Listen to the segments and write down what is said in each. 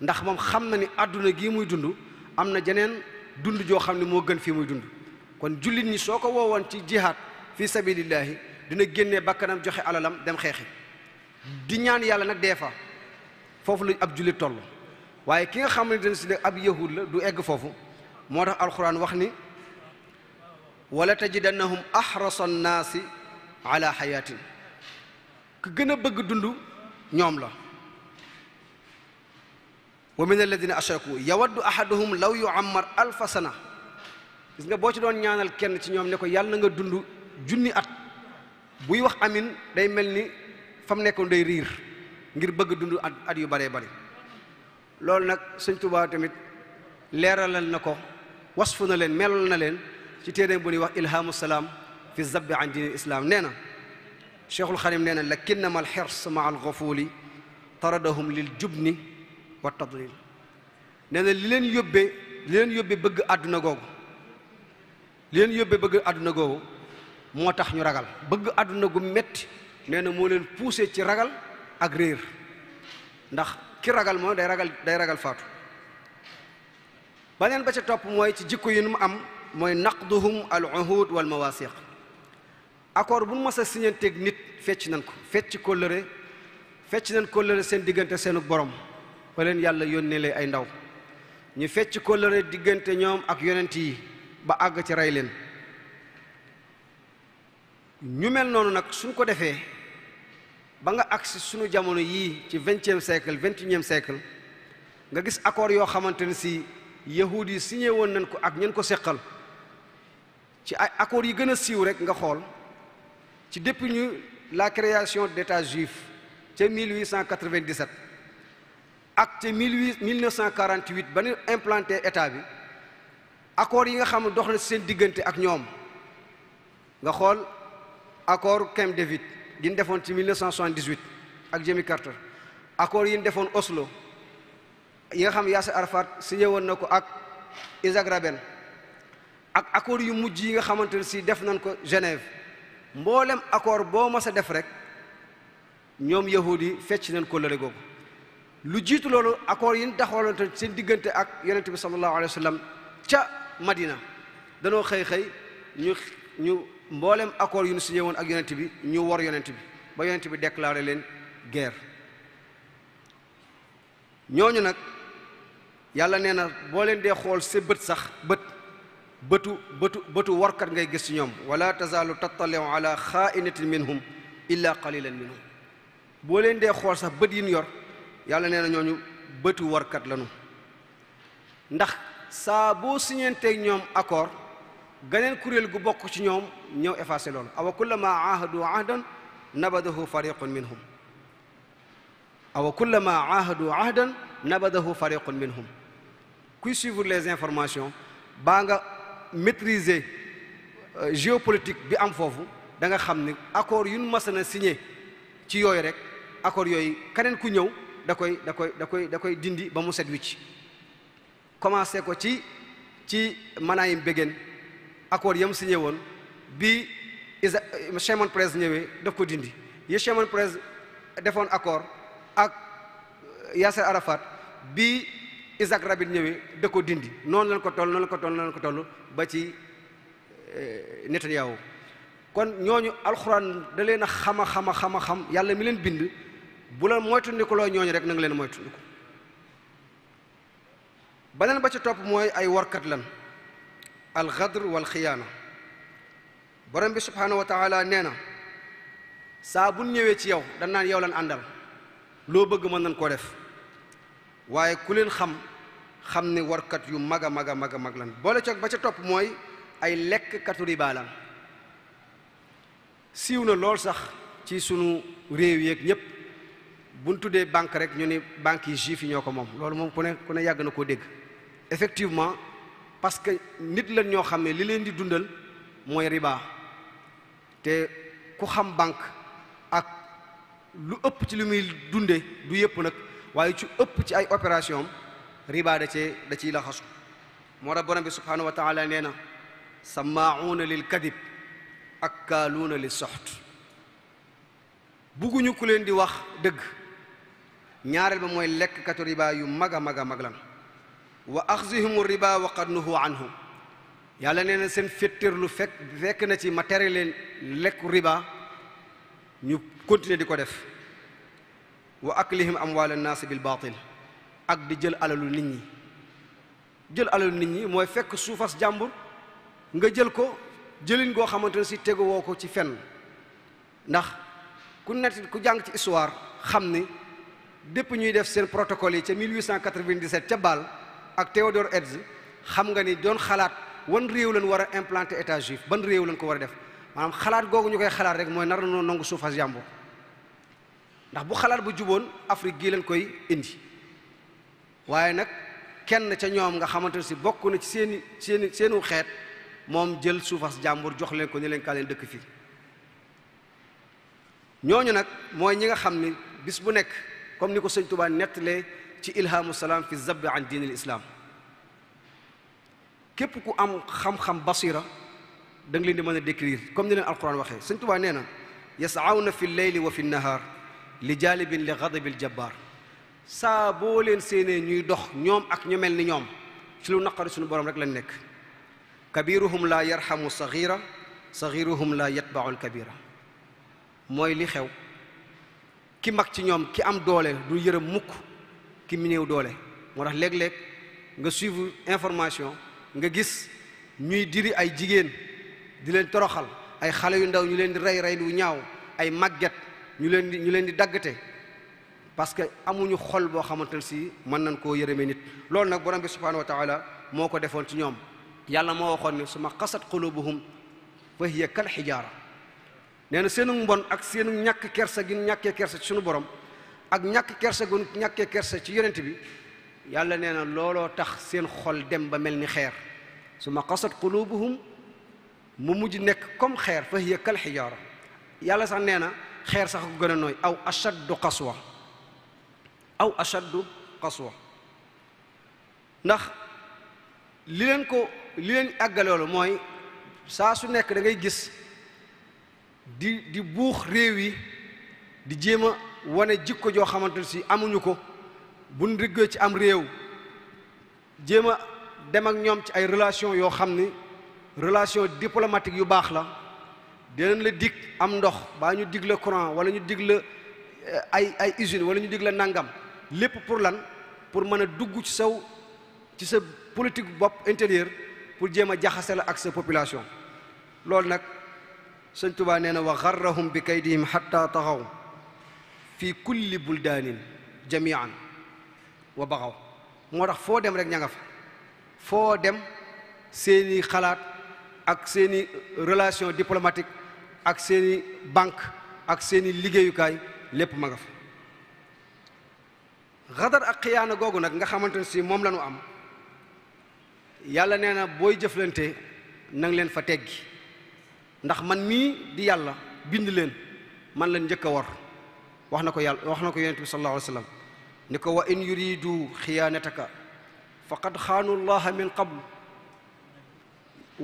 ndax mom xam na ni aduna gi muy dund amna jenen dund jo xamni mo gën fi muy dund kon julit ñi soko wowon ci jihad fi sabilillah dina génné bakkanam joxe alalam dem xexi di ñaan yàlla nak defa fofu lu ab julit tollu waye ki nga xamni dañ ci ab yahud la du egg fofu motax alquran wax ni wala tajidannahum ahrasan annaasi ala hayatin ku gëna bëgg dund ñom la ومن الذين اشركوا يود احدهم لو يعمر الف سنه غيس نغا بوتي دون نيانال كين سي نيوم نيكو يال نغا دوندو جوني ات بوي واخ امين داي ملني فام نيكون داي رير غير بغ دوندو ات يو باري باري لول نك سيغ توبا تاميت ليرالال نكو وصفنا لين ميلول لين سي تيدين بوني واخ الهام السلام في الزب عن دين الاسلام نينا شيخ الخريم نينا لكنما الحرص مع الغفول طردهم للجبن wa tadlil nee na li leen yóbbee li leen yóbbee bëgg àdduna googu li leen yóbbee bëgg àdduna googu moo tax ñu ragal bëgg àdduna gu metti nee na moo leen poussé ci ragal ak réer ndax ki ragal moom day ragal day ragal faatu baneen ba ca topp mooy ci jikko yi nu mu am mooy naqduhum al uhud wal mawasiq accord bu nu mas a siñanteeg nit fecc nañ ko fecc kóllëre fecc nañ kóllëre seen diggante seenu borom ba leen yàlla yónnee lee ay ndaw ñu fecc kóllëre diggante ñoom ak yonent yi ba àgg ci rey leen ñu mel noonu nag suñ ko defee ba nga agsi suñu jamono yii ci vingtième siècle vingt unième siècle nga gis accord yoo xamante ne si yahuud yi signé woon nañ ko ak ñen ko seqal ci ay accords yi gën a siiw rek nga xool ci depuis ñu la création d'état juif ca 1897 acte mille neuf cent quarante huit ba ñu implanté état bi accord yi nga xam ne dox na seen diggante ak ñoom nga xool accord Camp David yi ñu defoon ci mille neuf cent soixante ak Jimmy Carter accord yi ñu defoon Oslo yi nga xam Yasser Arafat signé woon na ko ak Isaac Rabin ak accord yu mujj yi nga xamante ne si def nañ ko Genève mboolem accord boo mas def rek ñoom yahudi fecc nañ ko lëre googu lu jiitu loolu accords yi ñu daxaloon seen diggante ak yonente bi sallallahu alayhi wa sallam ca Madina danoo xëy xëy ñu ñu mboolem accords yu ñu signé woon ak yonente bi ñu war yonente bi ba yonente bi déclaré leen guerre ñooñu nag yàlla nee na boo leen dee xool sa bët sax bët bëtu bëtu bëtu warkat ngay gis ci ñoom wala tazaalu tattaliu ala xaainatin minhum illa qalilan minhum boo leen dee xool sax bët yi ñu yor yàlla nee na ñooñu bëti warkat lañu ndax saa boo siñeenteeg ñoom accord ganeen kuréel gu bokk ci ñoom ñëw effacé loolu awa kullama ahadu ahdan nabadahu fariqun minhum awa kullama ahadu ahdan nabadahu fariqun minhum kuy suivre les informations baa nga maîtriser euh, géopolitique bi am foofu da nga xam ni accord yu ñu mas a ci yooyu rek accord yooyu keneen ku ñëw da koy da koy da koy da koy dindi ba mu set wicc commencé ko ci ci manaayim béggéen accord yam signé woon bi isa Shimon euh, Peres ñëwee daf ko dindi yi Shimon Peres defoon accord ak euh, Yasser Arafat bi Isaac Rabin ñëwee da ko dindi noonu lañ ko toll noonu lañ ko toll noonu ko toll ba ci euh, Netanyahu kon ñooñu alxuraan da a xama xama xama xam yàlla mi leen bind bu la moytundikuloo ñooñu rek na nga leen moytundiku beneen ba ca topp mooy ay warkat lan alxadr wal xiyaana borom bi subhaanahu wa nee na saa bu ñëwee ci yow dan naan yow lan àndal loo bëgg mën nañ koo def waaye ku leen xam xam ni warkat yu mag a mag a mag a mag lan boole ci ba ca topp mooy ay lekk katu riba siiw na lool sax ci sunu réew yeeg ñépp buñ tuddee banque rek ñu ni banque yi juif yi ñoo ko moom loolu moom ku ne ku ne yàgg na koo dégg effectivement parce que nit lañ ñoo xam ne li leen di dundal mooy riba te ku xam banque ak lu ëpp ci lu muy dunde du yëpp nag waaye ci ëpp ci ay opération am riba da cee ciy laxasu moo tax borom bi subhanahu wa taala nee na samaauna lil kadib ak kaaluuna lil soxt bugguñu ku leen di wax dëgg ñaareel ba mooy lekkatu riba yu mag a mag wa axzihimu riba wa qad nuhu anhu yàlla nee na seen féttirlu fekk fekk na ci matériel leen lekku riba ñu continuer di ko def wa aklihim amwaal annaasi bil baatil ak di jël alalu nit ñi jël alalu nit ñi mooy fekk suufas jàmbur nga jël ko jëlin goo xamante ne si teguwoo ko ci fenn ndax ku nett ku jàng ci histoire xam dépp ñuy def seen protocole yi ci 1897 ci bal ak Théodore Herz xam nga ni doon xalaat won réew lañ war implanter état juif ban réew lañ ko wara def manam xalaat googu ñukay xalaat rek moy nar na suuf as yàmbu ndax bu xalaat bu jubon Afrique gi lañ koy indi waye nak kenn ci ñoom nga xamante ci bokku na ci seen seen seenu xet mom jël as jàmbur jox leen ko ni leen ka leen dëkk fi ñoñu nak moy ñi nga xamni bis bu nek comme ni ko sëñ Tuubaa nettalee ci ilhamu salaam fi zabbi an diinil islam képp ku am xam-xam basira da nga leen di mën a décrire comme ni leen alquran waxee sëñ Tuubaa nee na yasaawna fi leyli wa fi nahaar li jaalibin li gadabil jabbaar saa boo leen séenee ñuy dox ñoom ak ñu mel ni ñoom ci lu naqari suñu borom rek lañ nekk kabiruhum laa yarhamu sagira sagiruhum laa yatbaau alkabira mooy li xew ki mag ci ñoom ki am doole du yërëm mukk ki mu néew doole moo tax léeg-léeg nga suivre information nga gis ñuy diri ay jigéen di leen toroxal ay xale yu ndaw ñu leen di rey rey lu ñaaw ay màgget ñu leen di ñu leen di daggate parce que amuñu xol boo xamante ne si mën nañ koo yërëme nit loolu nag borom bi subhanahu wa taala moo ko defoon ci ñoom yàlla moo waxoon ne suma qasat qulubuhum fa hiya kal xijaara neena na seenu mbon ak seenu ñak kersa gi ñaké kersa ci sunu borom ak ñak kersa gu ñaké kersa ci yonent bi yàlla neena lolo tax seen xol dem ba melni xeer suma qasat qulubuhum mu muj nek kom xeer fa hiya kal xijaara yàlla sax neena xeer sax ko gëna noy aw ashaddu qaswa aw ashaddu qaswa ndax li len ko li leen àggaloolu moy sa su nek da ngay gis di di buux réew yi di jéem a wane jikko joo xamante si amuñu ko buñ riggee ci am réew jéem a dem ak ñoom ci ay relation yoo xam ni relation diplomatique yu baax la deneen la dig am ndox baa ñu dig la courant wala ñu dig la eh, ay ay usine wala ñu dig la nangam lépp pour lan pour mën a dugg ci saw ci sa politique bopp intérieur pour jéem a jaxase la ak sa population loolu nag sëñ tubaa nee na wa garrahum bi kaydihim xatta taxaw fii kulli buldaanin jamian wa baxaw moo tax foo dem rek ña nga fa foo dem seeni xalaat ak seeni relation diplomatique ak seeni banque ak seeni liggéeyukaay lépp ma nga fa xadar ak xiyaana googu nag nga xamante ne si moom la am yàlla nee na booy jëflante nang leen fa teggi ndax man mii di yàlla bind leen man leen njëkk a war wax na ko yàlla wax na ko yonent bi sallallahu alayhi wa sallam ni ko wa in yuridu xiyaanataka faqad xaanu llaha min qablu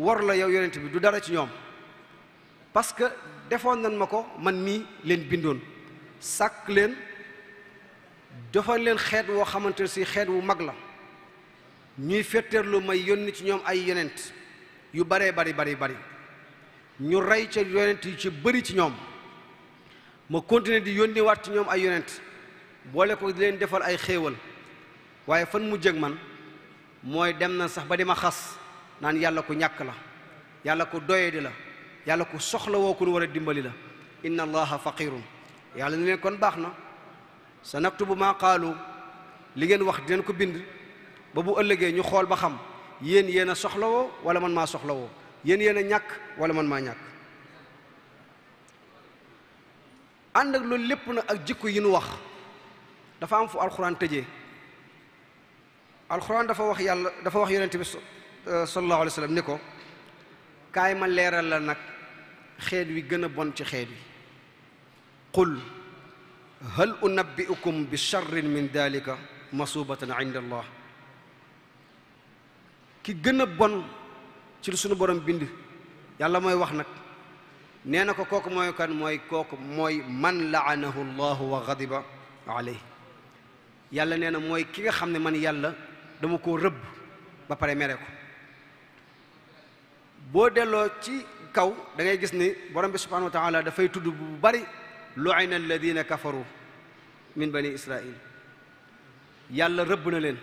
war la yow yonent bi du dara ci ñoom parce que defoon nan ma ko man mii leen bindoon sàkk leen defal leen xeet woo xamante si xeet wu mag la ñuy lu may yónni ci ñoom ay yonent yu baree bari bari bari ñu rey ca yonent yi ci bëri ci ñoom ma continuer di yónni ci ñoom ay yonent boole ko di leen defal ay xéewal waaye fan mu jëg man mooy dem na sax ba di ma xas naan yàlla ku ñàkk la yàlla ko doyadi la yàlla ku soxla woo ku war a dimbali la inna allaha faqirun yàlla ne leen kon baax na sa naktubu maa qaalu li ngeen wax dinañ ko bind ba bu ëllëgee ñu xool ba xam yéen yéen a soxlawoo wala man maa soxlawoo yéen yéen a ñàkk wala man maa ñàkk ànd ak loolu lépp nag ak jikko yi nu wax dafa am fu alxuraan tëjee alxuraan dafa wax yàlla dafa wax yonente bi sallallahu alayhi wa sallam ni ko kaay ma leeral la nag xeet wi gën a bon ci xeet wi qul hal unabbi'ukum bi charrin min dalika masubatan inda allah ki gën a bon ci lu sunu borom bind yàlla mooy wax nag nee na ko kooku mooy kan mooy kooku mooy man laanahu llahu wa ghadiba yàlla nee na mooy ki nga xam ne man yàlla dama koo rëbb ba pare mere ko boo delloo ci kaw dangay gis ni borom bi subhanahu wa taala dafay tudd bu bari lu'ina alladina kafaru min bani israil yàlla rëbb na leen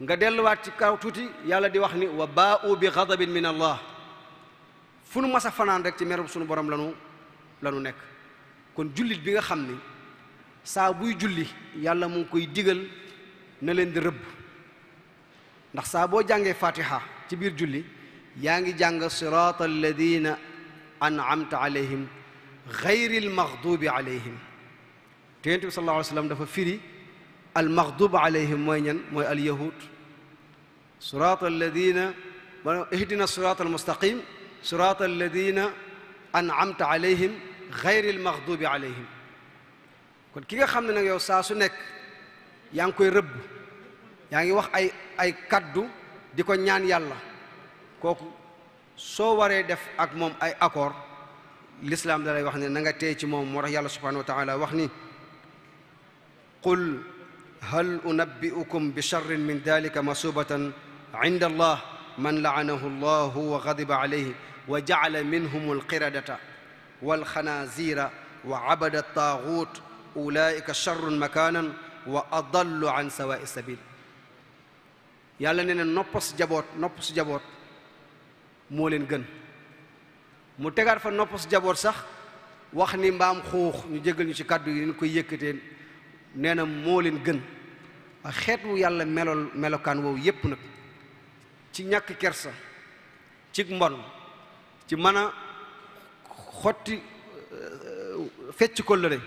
nga wat ci kaw tuti yàlla di wax ni wa ba'u bi ghadabin min allah funu massa fanan rek ci merub sunu borom lanu lanu nek kon julit bi nga xamni sa buy julli yàlla mu koy digal na len di reub ndax sa bo jange fatiha ci bir julli yaangi jàng siratal ladina an'amta alayhim ghayril maghdubi alayhim tayyib sallallahu alayhi wasallam dafa firi المغضوب عليهم mooy ñan mooy alyahud صراط الذين اهدنا الصراط المستقيم صراط الذين أنعمت عليهم غير المغضوب عليهم kon ki nga xam ne nag yow saa su nekk yaa ngi koy rëbb yaa ngi wax ay ay kaddu di ko ñaan yàlla kooku soo waree def ak moom ay accord l'islam da lay wax ne na nga tey ci moom moo tax yàlla subhanahu wa taala wax ni qul هل أنبئكم بشر من ذلك مصوبة عند الله من لعنه الله وغضب عليه وجعل منهم القردة والخنازير وعبد الطاغوت أولئك شر مكانا وأضل عن سواء السبيل يالا نين نوبس جابوت نوبس جابوت مولين گن مو تگار فا نوبس جابوت سخ خوخ نجيگل نشي كادو ينكو يكتين نين مولين گن ba xeet wu yàlla melool melokaan woowu yépp nag ci ñàkk kersa ci mbon ci mën a xotti euh, fecc kóllëre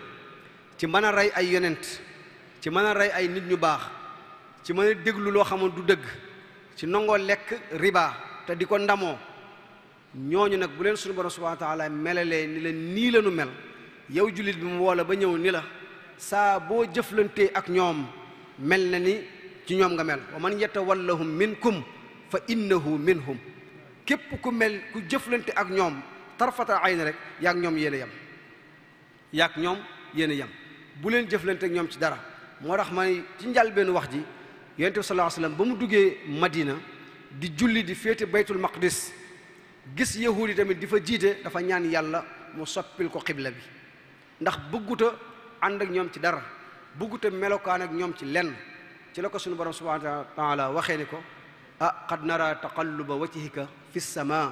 ci mën a rey ay yonent ci mën a rey ay nit ñu baax ci mën a déglu loo xamul du dëgg ci nangoo lekk riba te di ko ndamoo ñooñu nag bu leen sunu borom subhanahu wa taala ni la nii la nu mel yow jullit bi mu woola ba ñëw ni la saa boo jëflantee ak ñoom mel ni ci ñom nga mel man yatawallahum minkum fa innahu minhum kep ku mel ku jëflante ak ñom tarfata ayn rek yak ñom yene yam yak ñom yene yam bu len jëflante ak ñom ci dara mo tax ma ci ben wax ji yantou sallallahu alayhi wasallam bamu duggé duggee Madina di julli di féete baytul maqdis gis yahudi tamit difa jité dafa ñaan yalla mu soppil ko qibla bi ndax bëgguta and ak ñom ci dara bugguta melokaan ak ñoom ci lenn ci la ko suñu borom subhanahu wa taala waxee ni ko ah qad nara taqalluba wajhika fi sama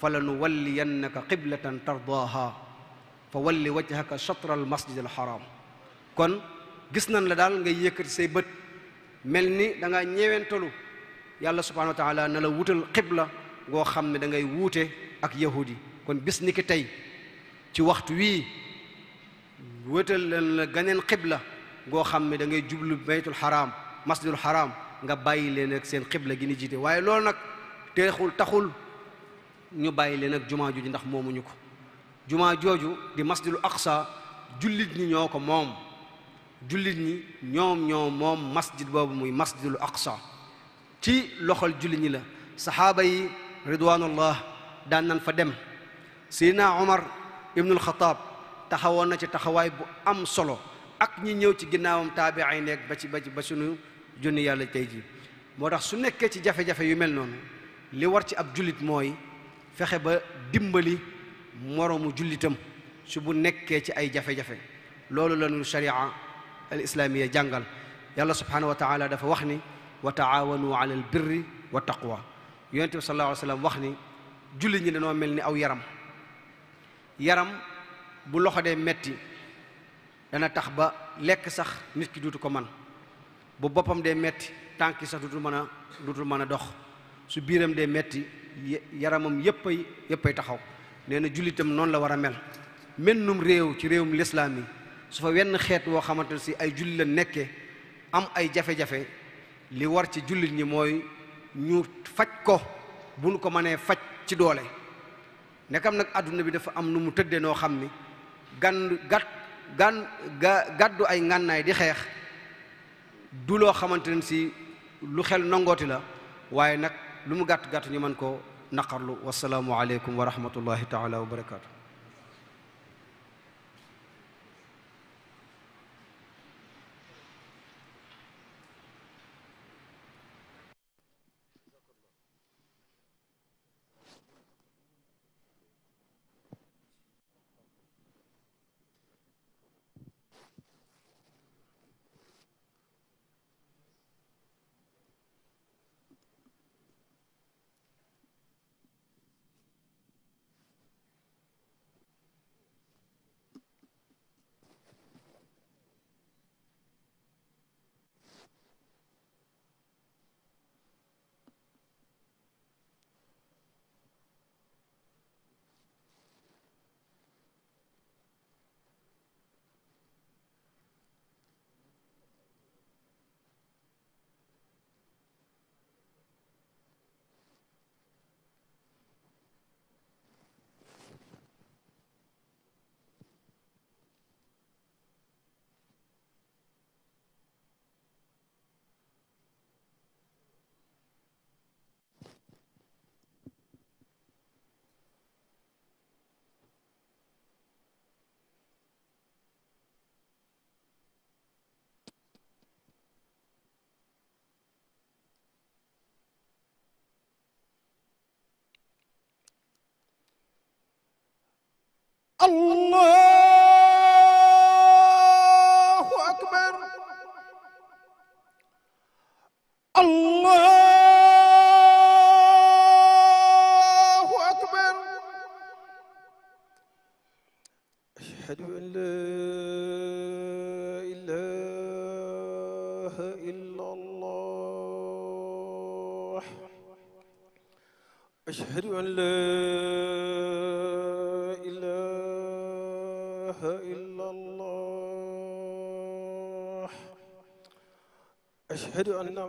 falanuwalliyannaka qiblatan tardaha fa walli wajhaka shatra al masjid al haram kon gis nan la daal nga yëkkati say bët mel ni da nga ñeewentalu yàlla subhanahu wa taala na la wutal qibla goo xam da ngay wuute ak yahudi kon bis ni ki tey ci waxtu wii wëtal leen la ganeen qibla go xamne da ngay jublu baytul haram masjidul haram nga bayile nak sen qibla gi ni jité waye loolu nak téxul taxul ñu bayile nak juma jumaa ndax momu ñuko juma joju di masjidul aqsa jullit ñi ñoko mom moom ñi ñom ñom mom masjid bobu muy masjidul aqsa ci loxol jullit ñi la sahaba yi ridwanullah dan nan fa dem umar omar al-khattab taxawon na ci taxaway bu am solo ak ñi ñëw ci ginnaawam taabiay nekk ba ci ba ci ba sunu jooni yàlla tay ji moo tax su nekké ci jafe-jafe yu mel non li war ci ab julit moy fexe ba dimbali moromu julitam su bu nekké ci ay jafe-jafe loolu la ñu sharia al islamiyya jàngal yàlla subhanahu wa taala dafa wax ni wa taawanu ala al birri wa taqwa yunus sallallahu alayhi wasallam sallam wax ni jullit ñi dañoo mel aw yaram yaram bu loxo dee metti dana tax ba lekk sax nit ki duutu ko man bu boppam dee metti tànki yi sax duutul mën a duutul mën a dox su biiram dee metti yaramam yépp ay ay taxaw nee na jullitam noonu la war a mel mennum réew ci réewum lislaam yi su fa wenn xeet woo xamante ne si ay julli la nekkee am ay jafe-jafe li war ci jullit ñi mooy ñu faj ko bu nu ko mënee faj ci doole ndekam nag àdduna bi dafa am nu mu tëddee noo xam ni gan gàtt gan gaddu ay ngànnaay di xex du lo xamanteni si lu xel nongooti la waye nak lu mu gatt gatt ñu man ko naqarlu wassalamu alaykum wa rahmatullahi taala wa barakatuh Allah.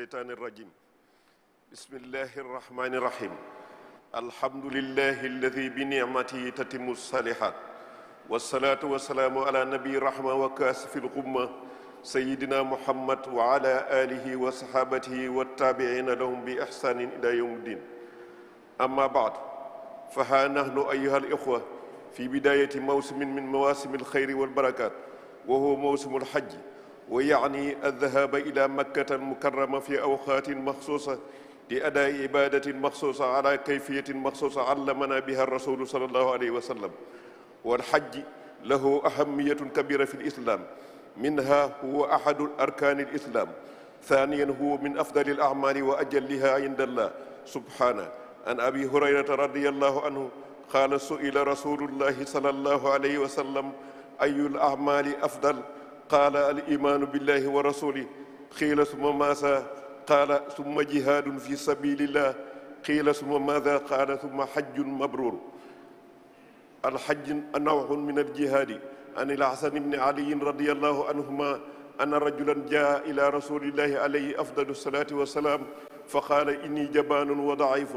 الشيطان الرجيم بسم الله الرحمن الرحيم الحمد لله الذي بنعمته تتم الصالحات والصلاة والسلام على نبي رحمة وكاسف الغمة سيدنا محمد وعلى آله وصحابته والتابعين لهم بإحسان إلى يوم الدين أما بعد فها نحن أيها الإخوة في بداية موسم من مواسم الخير والبركات وهو موسم الحج ويعني الذهاب إلى مكة المكرمة في أوقات مخصوصة لأداء عبادة مخصوصة على كيفية مخصوصة علمنا بها الرسول صلى الله عليه وسلم والحج له أهمية كبيرة في الإسلام منها هو أحد أركان الإسلام ثانيا هو من أفضل الأعمال وأجلها عند الله سبحانه عن أبي هريرة رضي الله عنه قال سئل رسول الله صلى الله عليه وسلم أي الأعمال أفضل؟ قال الإيمان بالله ورسوله قيل ثم ماذا قال ثم جهاد في سبيل الله قيل ثم ماذا قال ثم حج مبرور الحج نوع من الجهاد عن الحسن بن علي رضي الله عنهما أن رجلا جاء إلى رسول الله عليه أفضل الصلاة والسلام فقال إني جبان وضعيف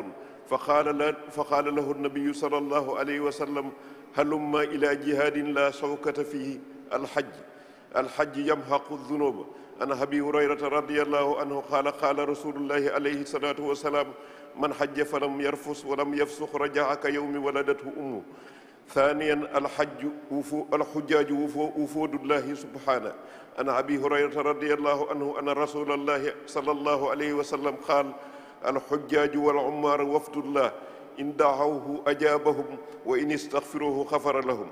فقال, فقال له النبي صلى الله عليه وسلم هلما إلى جهاد لا شوكة فيه الحج الحج يمحق الذنوب عن أبي هريرة رضي الله عنه قال قال رسول الله عليه الصلاة والسلام من حج فلم يرفس ولم يفسخ رجع كيوم ولدته أمه ثانيا الحج وفو الحجاج وفو وفود الله سبحانه عن أبي هريرة رضي الله عنه أن رسول الله صلى الله عليه وسلم قال الحجاج والعمار وفد الله إن دعوه أجابهم وإن استغفروه غفر لهم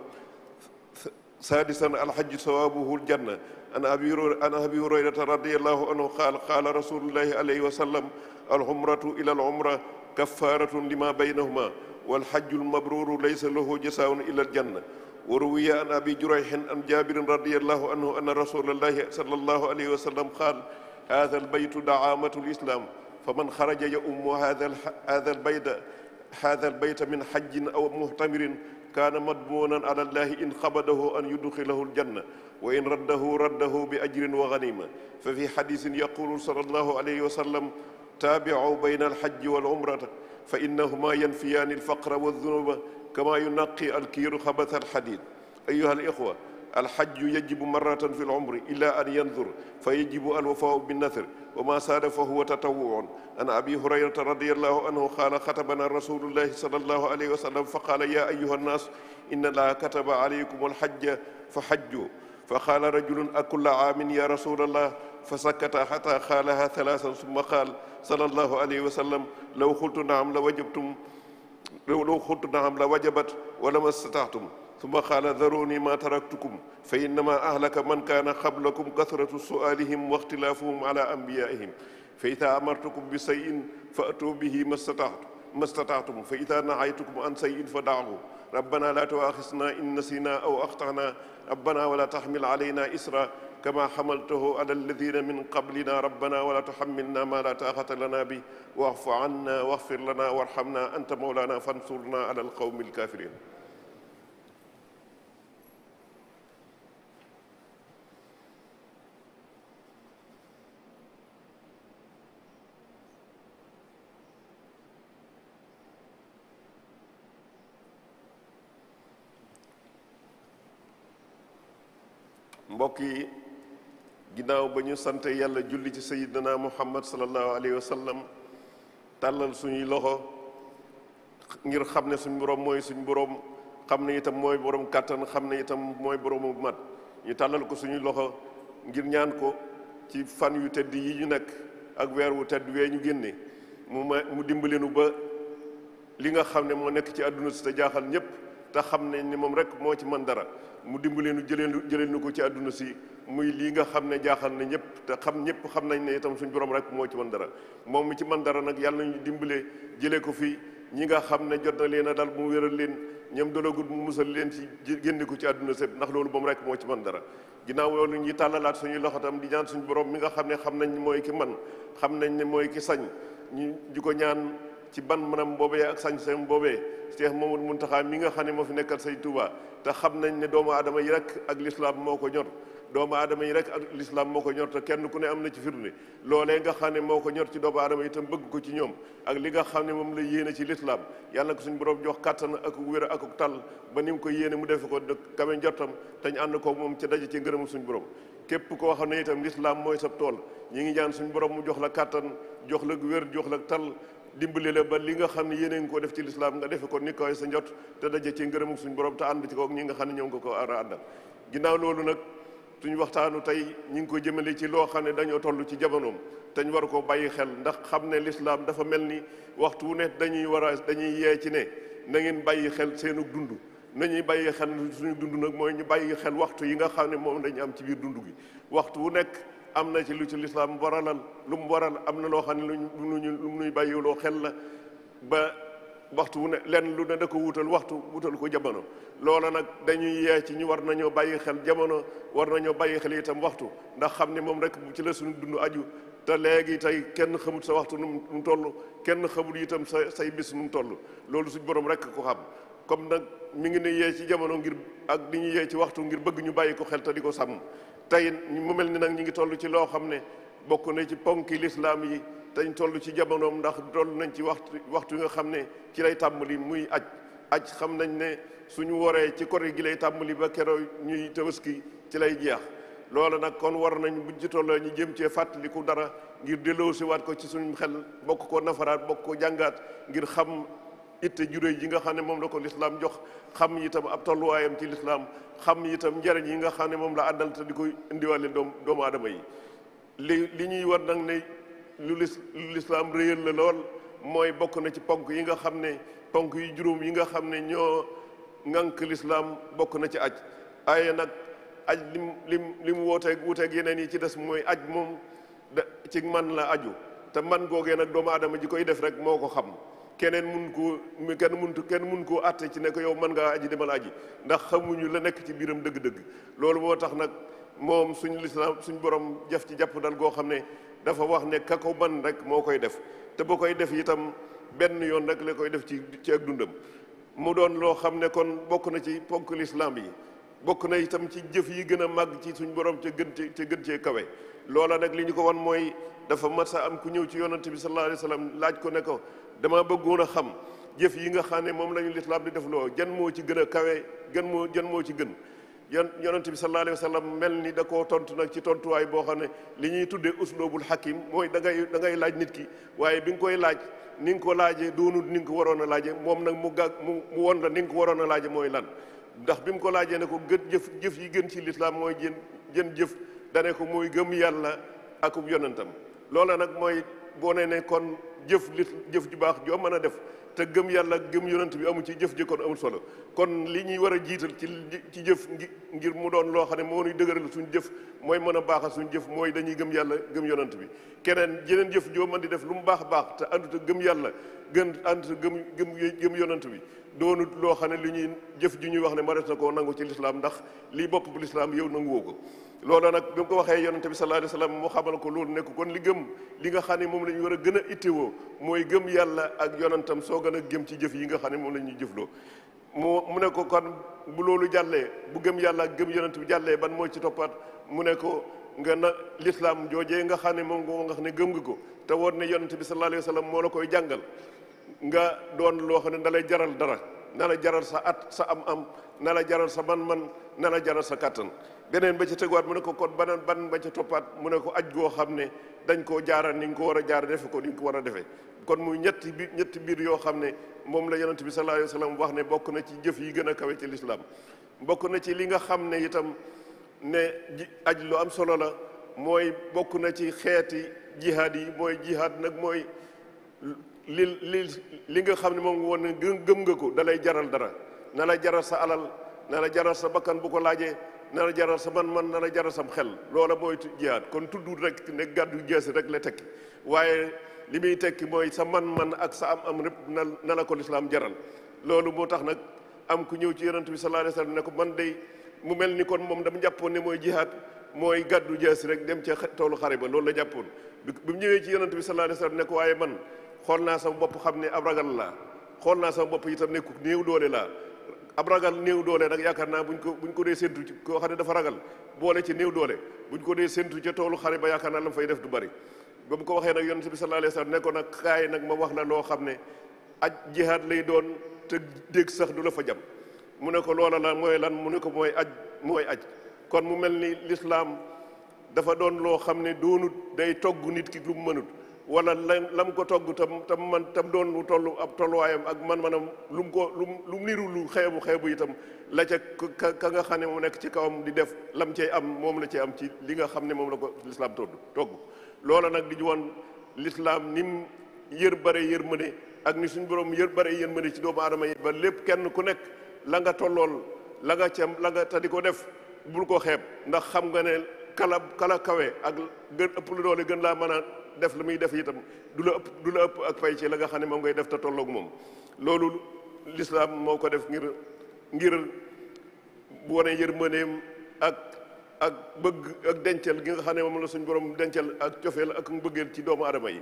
سادسا الحج ثوابه الجنة أن أبي أبي هريرة رضي الله عنه قال قال رسول الله عليه وسلم العمرة إلى العمرة كفارة لما بينهما والحج المبرور ليس له جزاء إلا الجنة وروي عن أبي جريح أن جابر رضي الله عنه أن رسول الله صلى الله عليه وسلم قال هذا البيت دعامة الإسلام فمن خرج يؤم هذا هذا البيت هذا البيت من حج أو مهتمر كان مدبونا على الله إن خبده أن يدخله الجنة وإن رده رده بأجر وغنيمة ففي حديث يقول صلى الله عليه وسلم تابعوا بين الحج والعمرة فإنهما ينفيان الفقر والذنوب كما ينقي الكير خبث الحديد أيها الإخوة الحج يجب مرة في العمر إلا أن ينظر فيجب الوفاء بالنثر وما ساد فهو تطوع أن أبي هريرة رضي الله عنه قال خطبنا رسول الله صلى الله عليه وسلم فقال يا أيها الناس إن الله كتب عليكم الحج فحجوا فقال رجل أكل عام يا رسول الله فسكت حتى خالها ثلاثا ثم قال صلى الله عليه وسلم لو قلت نعم لوجبتم لو قلت نعم لوجبت ولما استطعتم ثم قال ذروني ما تركتكم فإنما أهلك من كان قبلكم كثرة سؤالهم واختلافهم على أنبيائهم فإذا أمرتكم بشيء فأتوا به ما استطعتم ما استطعتم فإذا نهيتكم عن شيء فدعوه ربنا لا تؤاخذنا إن نسينا أو أخطأنا ربنا ولا تحمل علينا إسرا كما حملته على الذين من قبلنا ربنا ولا تحملنا ما لا طاقة لنا به واعف عنا واغفر لنا وارحمنا أنت مولانا فانصرنا على القوم الكافرين yi ginnaaw ba ñu sant yàlla julli ci sayyidina muhammad sallallahu alayhi wa sallam tàllal suñuy loxo ngir xam ne suñ borom mooy suñ borom xam ne itam mooy borom kàttan xam ne itam mooy boromu mat ñu tàllal ko suñuy loxo ngir ñaan ko ci fan yu tedd yi ñu nekk ak weer wu tedd wee ñu génne mu ma mu dimbalinu ba li nga xam ne moo nekk ci àdduna si te jaaxal ñépp te xam nañ ni moom rek moo ci mën dara mu dimbali nu jëlee nu jëlee nu ko ci àdduna si muy lii nga xam ne jaaxal na ñëpp te xam ñëpp xam nañ ne itam suñu borom rek moo ci mën dara moom mi ci mën dara nag yàlla nañu jëlee ko fii ñi nga xam ne jot na leen a dal mu wéral leen ñoom dolagul mu musal leen ci génne ko ci àdduna sépp ndax loolu moom rek moo ci mën dara ginnaaw loolu ñuy tàllalaat suñuy loxo tam di ñaan suñu borom mi nga xam ne xam nañ mooy ki man xam nañ ne mooy ki sañ ñu di ñaan ci ban manam boobee ak sañ-sañ boobee Cheikh mun Muntaxa mi nga xam ne moo fi nekkal say Touba te xam nañ ne doomu aadama yi rek ak lislaam moo ko ñor doomu aadama yi rek ak lislaam moo ko ñor te kenn ku ne am na ci firnde loolee nga xam ne moo ko ñor ci doomu aadama itam bëgg ko ci ñoom ak li nga xam ne moom la yéene ci lislaam yàlla na ko suñu borom jox kattan ak wér ak ak ba ni mu ko yéene mu defe ko kame njottam te ñu ànd ko moom ca daje ci ngërëmu suñu borom képp koo xam ne itam lislaam mooy sa tool ñi ngi ñaan suñu borom mu jox la kàttan jox la wér jox la tàll dimbali la ba li nga xam ne yéen ngi ko def ci lislaam nga defe ko ni kawe sa njot te daje ci ngërëmu suñu borom te ànd ci ko ak ñi nga xam ne ñoo ngi ko ara àndal loolu nag suñu waxtaanu tey ñi ngi ko jëmale ci loo xam ne dañoo toll ci jamonoom te ñu war ko bàyyi xel ndax xam ne lislaam dafa mel ni waxtu wu ne dañuy war a dañuy yee ci ne na ngeen bàyyi xel seenu dund nañuy bàyyi xel suñu dund nag mooy ñu bàyyi xel waxtu yi nga xam ne moom dañu am ci biir dund gi waxtu wu nekk am na ci lu ci lislaam waralal lu mu waral am na loo xam ne lu ñu lu nuy bàyyiloo xel la ba waxtu wu ne lenn lu ne da ko wutal waxtu wutal ko jamono loola nag dañuy yee ci ñu war nañoo bàyyi xel jamono war nañoo bàyyi xel itam waxtu ndax xam ne moom rek ci la suñu dund aju te léegi tey kenn xamut sa waxtu nu mu toll kenn xamul itam sa say bis nu toll loolu suñ borom rek ko xam comme nag mu ngi ne yee ci jamono ngir ak di ñu yee ci waxtu ngir bëgg ñu bàyyi ko xel te di ko sàmm tey mu mel ni nag ñu ngi tollu ci loo xam ne bokk na ci ponk ponki lislaam yi dañ tollu ci jamonoom ndax toll nañ ci waxtu waxtu nga xam ne ci lay tàmbali muy aj aj xam nañ ne suñu waree ci kori gi lay tàmbali ba keroo ñuy tabaski ci lay jeex loola nag kon war nañu buñ ci tolloo ñu jëm cee fàttaliku dara ngir delloosiwaat ko ci suñu xel bokk ko nafaraat bokk ko jàngaat ngir xam itte juróoy ji nga xam ne moom la ko lislaam jox xam itam ab tolluwaayam ci lislaam xam yitam njariñ yi nga xam ne moom la àndal te di ko indiwaale doom doomu aadama yi li li ñuy war nag ne lu lis lu lislaam réyal la lool mooy bokk na ci ponk yi nga xam ne ponk yi juróom yi nga xam ne ñoo ŋànk lislaam bokk na ci aj aye nag aj lim lim li mu wooteeg wuuteeg yeneen yi ci des mooy aj moom da ci man la aju te man googee nag doomu adama ji koy def rek moo ko xam keneen mun koo kenn muntu kenn mun koo àtte ci ne yow mën ngaa aji demal aji ndax xamuñu la nekk ci biiram dëgg-dëgg loolu moo tax nag moom suñu lislaam suñ borom jaf ci jàpp dal goo xam ne dafa wax ne ka ko ban rek moo koy def te ba koy def itam benn yoon rek la koy def ci ci ak dundam mu doon loo xam ne kon bokk na ci ponk lislaam yi bokk na itam ci jëf yi gën a màgg ci suñ borom ci gën ci gën cee kawe loola nag li ñu ko wan mooy dafa mat sa am ku ñëw ci yonante bi sallallahu alayhi laaj ko ne ko dama bëggoon a xam jëf yi nga xam ne moom la ñu lislaam di def loo jan moo ci gën a kawe gën moo jan moo ci gën yon yonent bi sallallahu alayhi wa sallam mel ni da koo tontu nag ci tontuwaay boo xam ne li ñuy tuddee usloobul hakim mooy dangay ngay da ngay laaj nit ki waaye bi nga koy laaj ni nga ko laajee doonul ni nga ko waroon a laaje moom nag mu gàgg mu mu won la ni nga ko waroon a laaje mooy lan ndax bi mu ko laajee ne ko gën jëf jëf yi gën ci lislaam mooy jën jën jëf dane ko mooy gëm yàlla akub yonentam loola nag mooy boo nee ne kon jëf li jëf ju baax joo mën a def te gëm yàlla gëm yonent bi amu ci jëf ji kon solo kon li ñuy war a jiital ci ci jëf ngir mu doon loo xam ne moo ñuy dëgëral suñ jëf mooy mën a baaxal suñu jëf mooy dañuy gëm yàlla gëm yonent bi keneen jeneen jëf joo mën di def lu mu baax a baax te àndut gëm yàlla gën àndut gëm gëm gëm yonent bi doonut loo xam ne li ñuy jëf ju ñuy wax ne mares na koo nangu ci lislaam ndax lii bopp bu lislaam yow nanguwoo ko loola nag bi mu ko waxee yonente bi sallallahu alayhi wasallam moo xamal ko loolu nekk kon li gëm li nga xam ne moom la ñu war a gën a ittiwoo mooy gëm yàlla ak yonentam soo gën a gëm ci jëf yi nga xam ne moom la ñuy jëfloo mu mu ne ko kon bu loolu jàllee bu gëm yàlla ak gëm yonent bi jàllee ban mooy ci toppaat mu ne ko nga na lislaam joojee nga xam ne moom nga xam ne gëm nga ko te woon ne yonente bi sallallahu alayhi wasallam moo la koy jàngal nga doon loo xam ne da lay jaral dara na la jaral sa at sa am-am na jaral sa man-man na jaral sa kàttan beneen ba ca teguwaat mu ne ko kon banan ban ba ca toppaat mu ne ko aj goo xam ne dañ koo jaaral ni nga ko war a jaaral defe ko niñ nga war a defee kon muy ñetti bi ñetti mbir yoo xam ne moom la yonent bi sallallahu alayhi wa sallam wax ne bokk na ci jëf yi gën a kawe ci lislaam bokk na ci li nga xam ne itam ne ji aj lu am solo la mooy bokk na ci xeeti jihaad yi mooy jihaad nag mooy li li li nga xam ne moom woon ne gëm nga ko dalay jaral dara na la jaral sa alal nala jaral sa bakkan bu ko laajee na jaral sa man-man na la jaral sam xel loola mooy jihaad kon tuddul rek ne gàddu jees rek la tekki waaye li muy tekki mooy sa man-man ak sa am-am na na la ko lislaam jaral loolu moo tax nag am ku ñëw ci yonent bi sallallahu alayhi wasallam ne ko man day mu mel ni kon moom dama jàppoon ne mooy jihaad mooy gàddu jees rek dem ca toolu xare ba loolu la jàppoon bi mu ñëwee ci yonent bi sallallahu alayhi wasallam ne ko waaye man xool naa sama bopp xam ne ab ragal laa xool naa sama bopp itam nekku néew doole laa ab ragal néew doole nag yaakaar naa buñ ko buñ ko dee séntu ci koo xam ne dafa ragal boole ci néew doole buñ ko dee séntu ca toolu xare ba yaakaar naa la fay def du bari ba mu ko waxee nag yonent bi sallallahu alayhi wasallam ne ko nag kaay nag ma wax la loo xam ne aj jihaad lay doon te dégg sax du la fa jam mu ne ko loola la mooy lan mu ne ko mooy aj mooy aj kon mu mel ni lislaam dafa doon loo xam ne doonut day togg nit ki lu mu wala la mu ko togg tam tam man tam doon lu toll ab tolluwaayam ak man manam lu mu ko lu mu lu xeebu xeebu itam la ca ka nga xam ne nekk ci kawam di def lam cay am moom la cay am ci li nga xam ne moom la ko lislaam togg togg loola nag di woon lislaam ni mu yër bare yër mëne ak ni suñu borom yër bare yër mëne ci doomu aadama yi ba lépp kenn ku nekk la nga tollool la nga cam la nga ko def bul ko xeeb ndax xam nga ne kala kala kawe ak gën ëpp la doole gën laa mën a def lu muy def itam du la ëpp du la ëpp ak fay la nga xam ne moom ngay def te tolloog moom loolu lislaam moo ko def ngir ngir bu wane yërmandeem ak ak bëgg ak dencal gi nga xam ne moom la suñu borom dencal ak cofeel ak mbëggeel ci doomu aadama yi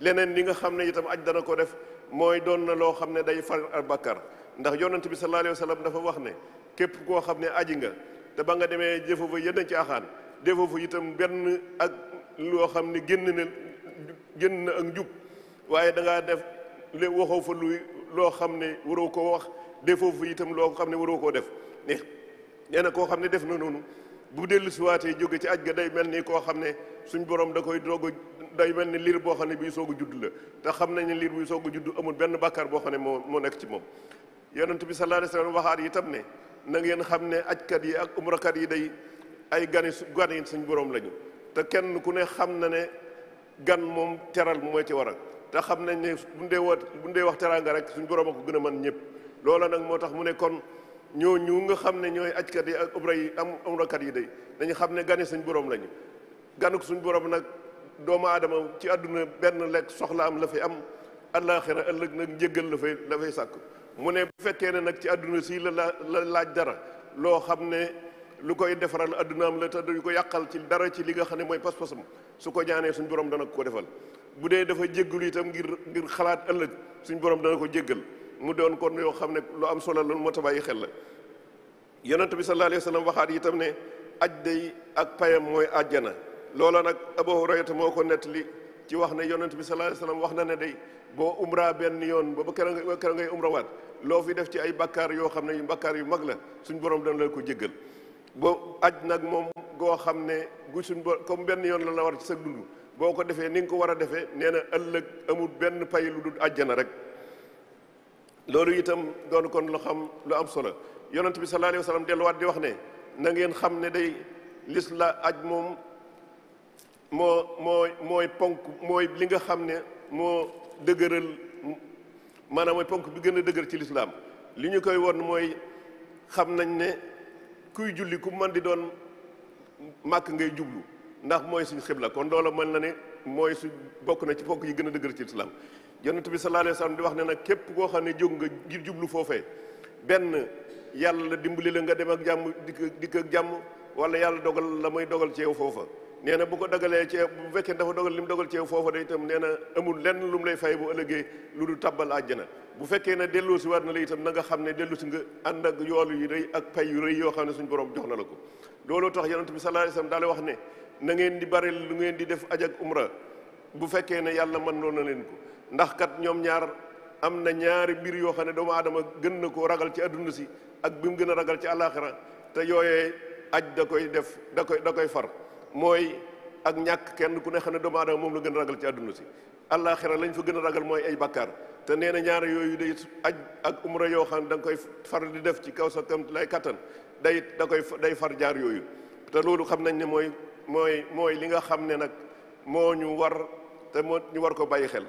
leneen li nga xam ne itam aj dana ko def mooy doon na loo xam ne day far al bakkar ndax yonent bi sallallahu alayhi wa dafa wax ne képp koo xam ne aji nga te ba nga demee jëfoo fa yenn ci axaan defoo fa itam benn ak loo xam ne génn na génn na ak njub waaye dangaa def lé waxoo fa luy loo xam ne waroo koo wax defoo fa itam loo xam ne waroo koo def ne eh, nee koo xam ne def na noonu bu dellu siwaatee jóge ci aj ga day mel nii koo xam ne suñ borom da koy doog day mel ni liir boo xam ne bii soog judd la te xam nañ liir buy soog a judd amul benn bàkkaar boo xam ne moo moo nekk ci moom yonent bi sallallahu alayhi wasallam waxaat itam ne na ngeen xam ne ajkat yi ak umrakat yi day ay gani gani suñ borom lañu te kenn ku ne xam na ne gan moom teral mooy ci waral te xam nañ ne bu dee woo bu dee wax teraanga rek suñ borom a ko gën a mën ñëpp loola nag moo tax mu ne kon ñooñu nga xam ne ñooy ajkat yi ak umra yi am umrakat yi day dañu xam ne gan gane suñ borom lañu ganuk suñ borom nag doomu aadama ci àdduna benn lekk soxla am la fi am àllaaxira ëllëg nag njëggal la fay la fay mu ne bu fekkee ne nag ci àdduna si la la laaj dara loo xam ne lu koy defaral am la te duñ ko yàqal ci dara ci li xam ne mooy pas-pasam su ko ñaanee suñ borom dana ko defal bu dee dafa jéggalu itam ngir ngir xalaat ëllëg suñ borom dana ko jéggal mu doon kon yoo xam ne lu am solo la moo tax bàyyi xel la yonent bi sallallahu alayhi wa sallam waxaat itam ne aj day ak payam mooy àjjana loola nag Abu Hurayra moo ko nettali ci wax ne yonent bi sallallahu alayhi wa wax na ne day boo umra benn yoon ba ba keroog ngay umra loo fi def ci ay bakkaar yoo xam ne yu bakkaar yu mag la suñ borom dana la ko jéggal ba aj nag moom goo xam ne gu suñ bo comme benn yoon la la war ci sa dund boo ko defee ni nga ko war a defee nee na ëllëg amul benn pay lu dul àjjana rek loolu itam doon kon lu xam lu am solo yonent bi sallallahu alayhi di wax ne na ngeen xam ne day lisla aj moom moo moo mooy ponk mooy li nga xam ne moo dëgëral maanaam mooy ponk bi gën a dëgër ci lislaam li ñu koy won mooy xam nañ ne kuy julli ku man di doon makk ngay jublu ndax mooy suñu xibla kon loola mën na ne mooy su bokk na ci bokk yi gën a dëgër ci islam yonent bi sallallahu alayhi wa sallam di wax ne nag képp koo xam ne jóg nga jublu foofee benn yàlla dimbali la nga dem ak jàmm dikk dikk ak jàmm wala yàlla dogal la may dogal ci foofa nee na bu ko dagalee ci bu fekkee dafa dogal li mu dogal ci yow foofa de itam nee na amul lenn lu mu lay fay bu ëllëgee lu du tabbal àjjana bu fekkee ne dellu si waat na la itam na nga xam ne dellu si nga ànd ak yoolu yu rëy ak pay yu rëy yoo xam ne suñu borom jox na la ko looloo tax yonent bi sallallahu alayhi wasallam daal wax ne na ngeen di bari lu ngeen di def aj ak umra bu fekkee ne yàlla mën loo na leen ko ndax kat ñoom ñaar am na ñaari mbir yoo xam ne doomu aadama gën na koo ragal ci adduna si ak bi mu gën a ragal ci àllaaxira te yooyee aj da koy def da koy da koy far mooy ak ñàkk kenn ku ne xam ne doomu aadama moom la gën a ragal ci àdduna si àllaaxira lañ fa gën a ragal mooy ay bakkaar te nee na ñaar yooyu day aj ak a yoo xam ne danga koy far di def ci kaw sa kam lay kattan day da koy day far jaar yooyu te loolu xam nañ ne mooy mooy mooy li nga xam ne nag moo ñu war te moo ñu war ko bàyyi xel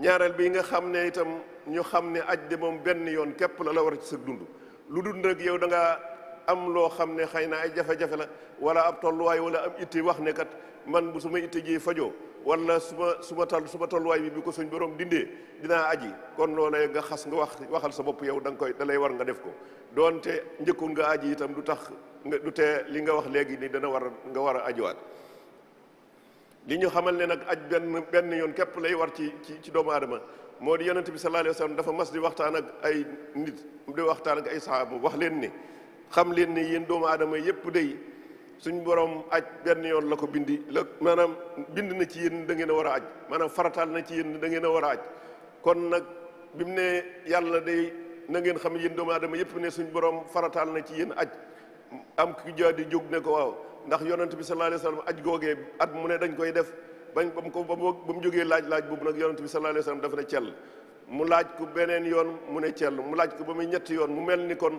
ñaareel bi nga xam ne itam ñu xam ne aj de moom benn yoon képp la la war ci sa dund lu dund rek yow da am loo xam ne xëy na ay jafe-jafe la wala ab tolluwaay wala am itti wax ne kat man bu suma itti ji fajoo wala su ma su ma tal su ma tolluwaay bi bi ko suñ borom dindee dinaa aji kon loolee nga xas nga wax waxal sa bopp yow da nga koy da lay war nga def ko doonte njëkkul nga aji itam du tax nga du tee li nga wax léegi ni dana war nga war a ajiwaat li ñu xamal ne nag aj benn benn yoon képp lay war ci ci ci doomu aadama moo di yonent bi sallallahu alayhi wasallam dafa mas waxtaan ak ay nit waxtaan ak ay sahaaba wax leen ni xam leen ne yéen doomu aadama yépp dey suñ borom aj benn yoon la ko bind la maanaam bind na ci yéen da ngeen a war a aj maanaam farataal na ci yéen da ngeen a war a aj kon nag bi mu ne yàlla day na ngeen xam yéen doomu aadama yépp ne suñ borom farataal na ci yéen aj am ki jaar di jóg ne ko waaw ndax yonent bi sallallahu alayhi wa sallam aj googee at mu ne dañ koy def bañ ba mu ko ba mu jógee laaj laaj boobu nag yonent bi sallallahu alayhi wa sallam dafa ne cell mu laaj ko beneen yoon mu ne cell mu laaj ko ba muy ñetti yoon mu mel ni kon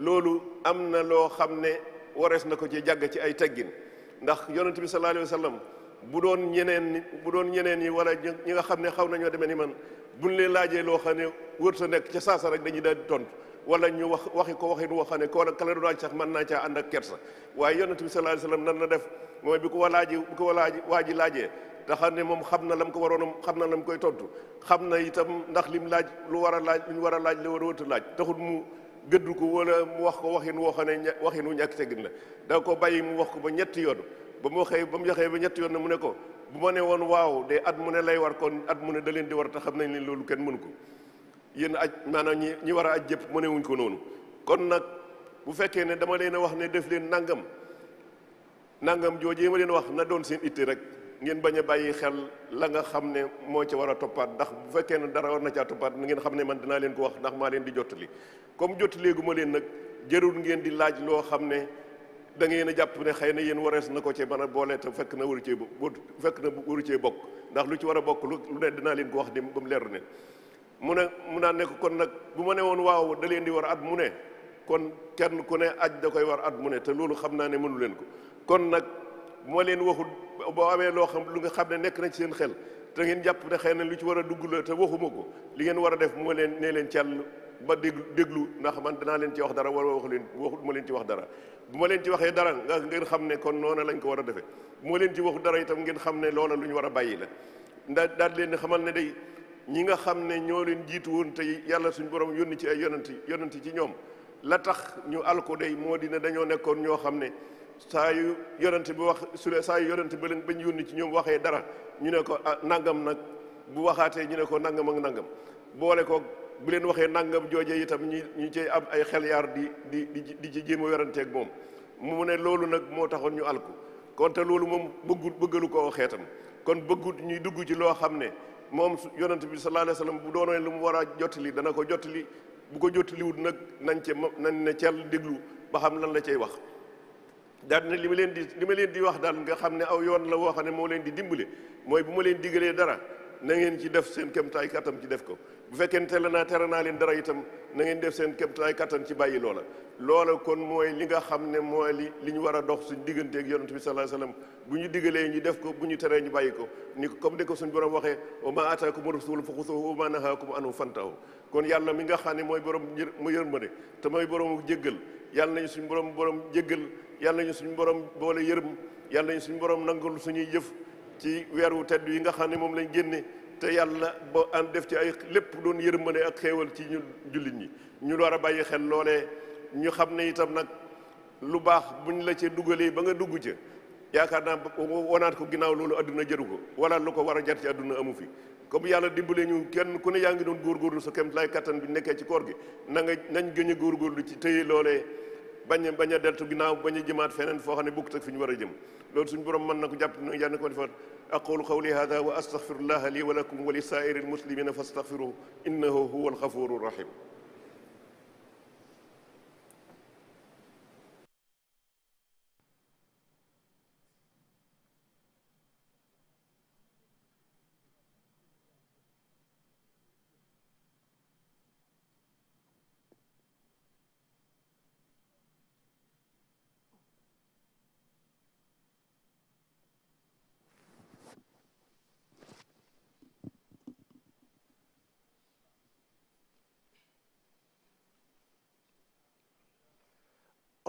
loolu am na loo xam ne warees na ko ci jàgg ci ay teggin ndax yonent bi sallallahu alayhi wasallam bu doon ñeneen bu doon ñeneen yi wala ñi nga xam ne xaw nañoo demee ni man buñ leen laajee loo xam ne wër sa nekk ca saasa rek dañuy daal di tontu wala ñu wax waxi ko waxi nu wax ne koo kala doon sax mën naa caa ànd ak kersa waaye yonent bi sallallahu alayhi wa sallam nan na def mooy bi ko walaaji bi ko walaaji waa ji laajee te xam ne moom xam na lam ko waroon xam na lam koy tontu xam na itam ndax lim laaj lu war a laaj lu ñu war a laaj li war a wëtu laaj taxut mu gëddu ko wala mu wax ko waxin woo xam ne waxin wu ñàkk teggin na da ko bàyyi mu wax ko ba ñetti yoon ba mu waxee ba mu joxee ba ñetti yoon na mu ne ko bu ma ne woon waaw de at mu ne lay war kon at mu ne da leen di war te xam nañ leen loolu kenn mënu ko yéen aj maanaam ñi ñi war a aj jépp mu ne wuñ ko noonu kon nag bu fekkee ne dama leen a wax ne def leen nangam nangam joojee ma leen wax na doon seen itte rek ngeen bañ a bàyyi xel la nga xam ne moo ci war a toppaat ndax bu fekkee ne dara war na caa toppaat na ngeen xam ne man dinaa leen ko wax ndax maa leen di jottali comme jottaleegu ma leen nag jërul ngeen di laaj loo xam ne da ngeen a jàpp ne xëy na yéen warees na ko ci mën a boole te fekk na waru cee fekk na waru cee bokk ndax lu ci war a bokk lu ne dinaa leen ko wax di ba mu leeru ne mu ne mu naan ne ko kon nag bu ma ne woon waaw da leen di war at mu ne kon kenn ku ne aj da koy war at mu ne te loolu xam naa ne mënu leen ko moo leen waxul boo amee loo xam lu nga xam ne nekk na ci seen xel te ngeen jàpp ne xëy na lu ci war a dugg te waxuma ko li ngeen war a def moo leen nee leen càll ba déglu déglu ndax man danaa leen ci wax dara wala wax leen waxut ma leen ci wax dara bu ma leen ci waxee dara nga ngeen xam ne kon noona lañ ko war a defee moo leen ci waxu dara itam ngeen xam ne loola lu ñu war a bàyyi la ndaa daal leen xamal ne day ñi nga xam ne ñoo leen jiitu woon te yàlla suñu borom yónni ci ay yonanti yonanti ci ñoom la tax ñu alko day moo dina dañoo nekkoon ñoo xam ne saa yu yonent bi wax sule saa yu yonent ba leen bañ ci ñoom waxee dara ñu ne ko ah, nangam nag bu waxaatee ñu ne ko nangam ak nangam boole ko bu leen waxee nangam jooje itam ñu ñu cey am ay xel yaar di di di di ci jéem a yoranteeg moom mu ne loolu nag moo taxoon ñu alku kon te loolu moom bëggut bëggalu koo xeetam kon bëggut ñuy dugg ci loo xam ne moom yonent bi sallallahu alayhi wasallam bu doonee lu mu war a jottali dana ko jottali bu ko jottaliwut nag nañ ce nañ ne ceel déglu ba xam lan la cay wax daal ne li ma leen di li ma leen di wax daal nga xam ne aw yoon la woo xam ne moo leen di dimbale mooy bu ma leen digalee dara na ngeen ci def seen kéemtaay kattan ci def ko bu fekkee ne naa tere naa leen dara itam na ngeen def seen kéemtaay kattan ci bàyyi loola. loola kon mooy li nga xam ne mooy li li ñu war a dox suñu digganteeg yonent bi sallallahu alayhi wasallam bu ñu digalee ñu def ko bu ñu teree ñu bàyyi ko ni comme ni ko suñu borom waxee wa maa aataakum rasuulu fa xuzuuhu wa maa nahaakum anhu fantahu kon yàlla mi nga xam ne mooy borom mu yërmande te mooy borom jéggal yàlla nañu suñu borom borom jéggal yàlla ñu suñu borom boole yërëm yàlla ñu suñu borom nangul suñuy jëf ci weeru tedd yi nga xam ne moom lañu génne te yàlla ba am def ci ay lépp doon yërmande ak xéewal ci ñu jullit ñi ñu war a bàyyi xel loole ñu xam ne itam nag lu baax ñu la ca dugalee ba nga dugg ca yaakaar naa wonaat ko ginnaaw loolu adduna jëru ko wala lu ko war a jar ci adduna amu fi comme yàlla dimbale ñu kenn ku ne yaa ngi doon góorgóorlu sa kem lay kattan bi nekkee ci koor gi na nga nañ gën a góorgóorlu ci téye loolee bañ a bañ a deltu ginnaaw bañ a jëmaat feneen foo xam ne bokkut ak fi ñu war a jëm loolu suñu borom mën na ko jàpp ne yàlla na ko defal aqulu qawli hada wa astaghfirullaha li wa lakum wa li saa'iril muslimina fastaghfiruhu innahu huwal ghafurur rahim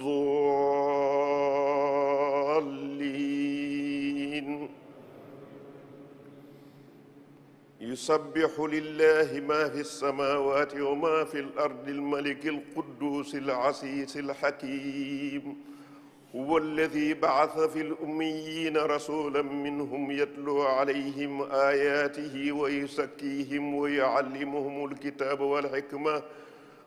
الضالين يسبح لله ما في السماوات وما في الأرض الملك القدوس العزيز الحكيم هو الذي بعث في الأميين رسولا منهم يتلو عليهم آياته ويزكيهم ويعلمهم الكتاب والحكمة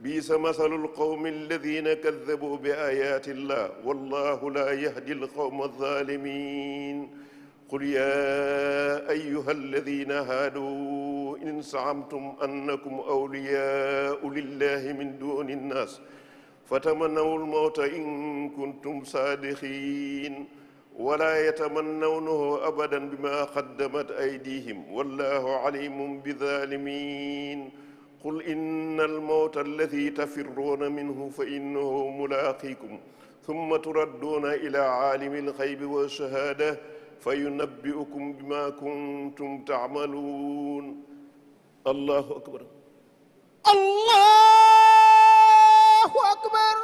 بئس مثل القوم الذين كذبوا بآيات الله والله لا يهدي القوم الظالمين قل يا أيها الذين هادوا إن زعمتم أنكم أولياء لله من دون الناس فتمنوا الموت إن كنتم صادقين ولا يتمنونه أبدا بما قدمت أيديهم والله عليم بالظالمين قل إن الموت الذي تفرون منه فإنه ملاقيكم ثم تردون إلى عالم الغيب والشهادة فينبئكم بما كنتم تعملون الله أكبر الله أكبر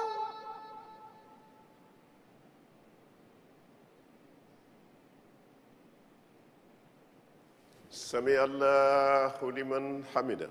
سمع الله لمن حمده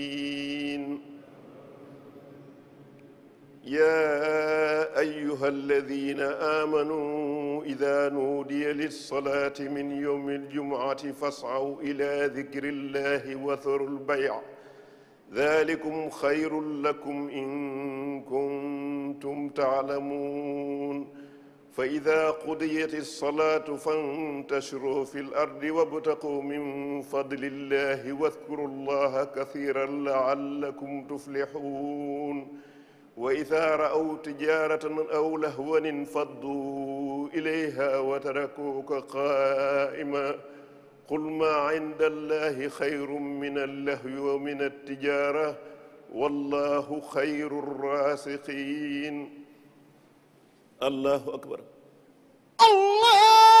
يا ايها الذين امنوا اذا نودي للصلاه من يوم الجمعه فاسعوا الى ذكر الله وذروا البيع ذلكم خير لكم ان كنتم تعلمون فاذا قضيت الصلاه فانتشروا في الارض وابتقوا من فضل الله واذكروا الله كثيرا لعلكم تفلحون وإذا رأوا تجارة أو لهوا انفضوا إليها وتركوك قائما قل ما عند الله خير من اللهو ومن التجارة والله خير الراسخين الله أكبر الله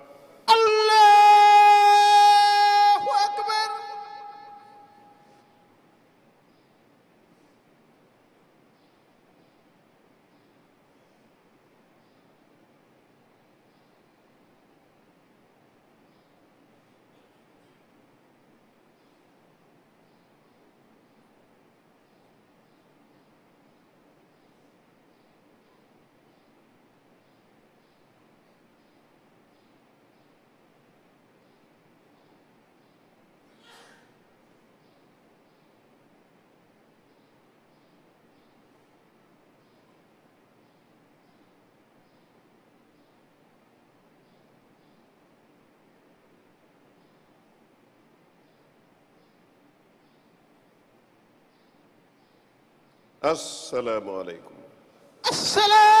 السلام عليكم السلام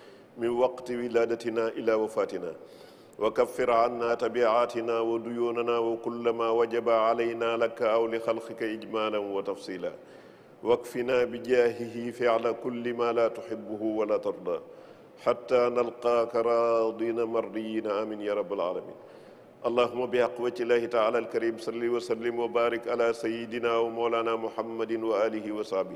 من وقت ولادتنا إلى وفاتنا وكفر عنا تبعاتنا وديوننا وكل ما وجب علينا لك أو لخلقك إجمالا وتفصيلا واكفنا بجاهه فعل كل ما لا تحبه ولا ترضى حتى نلقاك راضين مرضيين آمين يا رب العالمين اللهم بحقوة الله تعالى الكريم صلي وسلم وبارك على سيدنا ومولانا محمد وآله وصحبه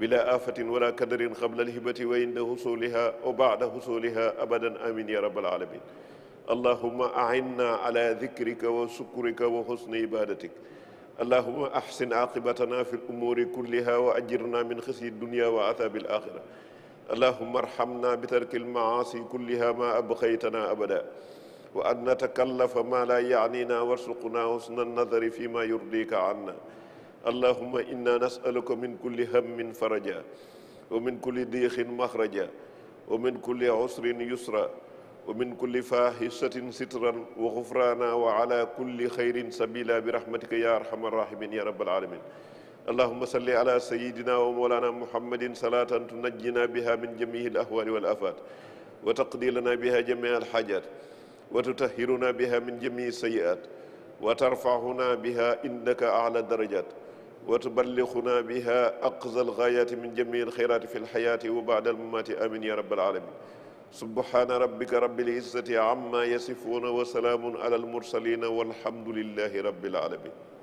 بلا آفة ولا كدر قبل الهبة وعند حصولها وبعد حصولها أبدا آمين يا رب العالمين اللهم أعنا على ذكرك وشكرك وحسن عبادتك اللهم أحسن عاقبتنا في الأمور كلها وأجرنا من خزي الدنيا وعذاب الآخرة اللهم ارحمنا بترك المعاصي كلها ما أبقيتنا أبدا وأن نتكلف ما لا يعنينا وارزقنا حسن النظر فيما يرضيك عنا اللهم إنا نسألك من كل هم فرجا ومن كل ضيق مخرجا ومن كل عسر يسرا ومن كل فاحشة سترا وغفرانا وعلى كل خير سبيلا برحمتك يا أرحم الراحمين يا رب العالمين اللهم صل على سيدنا ومولانا محمد صلاة تنجينا بها من جميع الأهوال والآفات وتقضي لنا بها جميع الحاجات وتطهرنا بها من جميع السيئات وترفعنا بها إنك أعلى الدرجات وتبلغنا بها أقصى الغايات من جميع الخيرات في الحياة وبعد الممات آمين يا رب العالمين سبحان ربك رب العزة عما يصفون وسلام على المرسلين والحمد لله رب العالمين